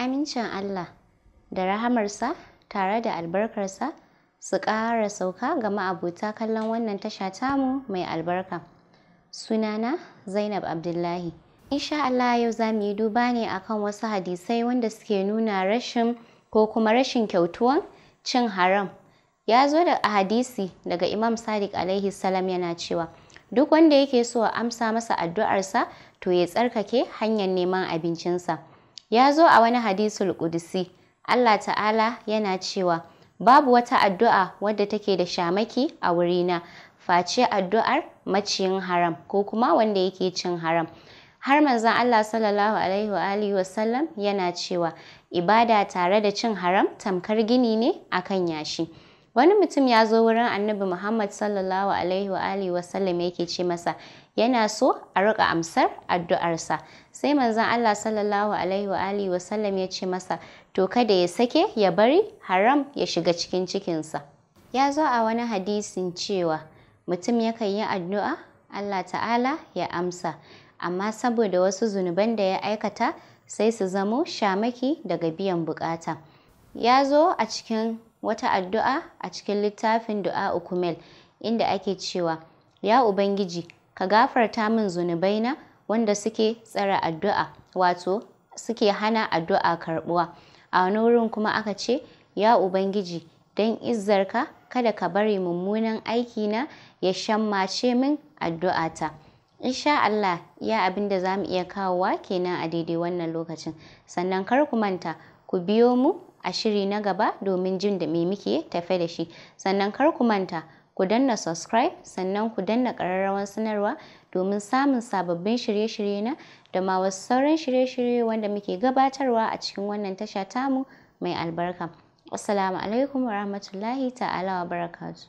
Amincin Allah da rahamarsa tare da albarkarsa su ƙara sauka ga ma'abota kallon wannan tasha tamu mai albarka. Sunana Zainab Abdullahi. Insha Allah yau za mu yi duba ne akan wasu hadisai wanda suke nuna rashin ko kuma rashin kyautuwan cin haram. Ya zo da hadisi daga Imam Sadiq alaihi salam yana cewa duk wanda yake so a amsa masa addu'arsa to ya tsarkake hanyar neman abincinsa. Ya zo a wani hadisul kudusi Allah ta'ala yana cewa, Babu wata addu'a wadda take da shamaki a wurina, face addu'ar maciyin haram ko kuma wanda yake cin haram. Har manzon Allah sallallahu Alaihi wa alihi wasallam yana cewa, Ibada tare da cin haram tamkar gini ne akan yashi. wani mutum ya zo wurin annabi muhammad sallallahu alaihi wa alihi yake ce masa yana so a riƙa amsar addu'arsa sai manzon allah sallallahu alaihi wa alihi wasallam ya ce masa to kada ya sake ya bari haram ya shiga cikin cikinsa ya zo a wani hadisin cewa mutum yakan yi addu'a allah ta'ala ya amsa amma saboda wasu zunuban da ya aikata sai su zamo shamaki daga biyan bukata ya zo a cikin wata addu'a a cikin littafin Du'a Ukumel inda ake cewa, Ya Ubangiji, ka gafarta min zunubaina wanda suke tsara addu'a, wato suke hana addu'a karbuwa?' A wani wurin kuma aka ce, Ya Ubangiji, don izzarka kada ka bari mummunan aikina ya shammace min addu'ata. Insha Allah iya abin da za mu iya kawowa kenan a daidai wannan lokacin. Sannan kar ku manta ku biyo mu a shiri na gaba domin jin da me muke tafe da shi sannan kar ku manta ku danna subscribe sannan ku danna ƙararrawar sanarwa domin samun sababbin shirye-shirye na da ma wasu sauran shirye-shirye wanda muke gabatarwa a cikin wannan tasha tamu mai albarka. Assalamu alaikum wa ta'ala wa barakatu.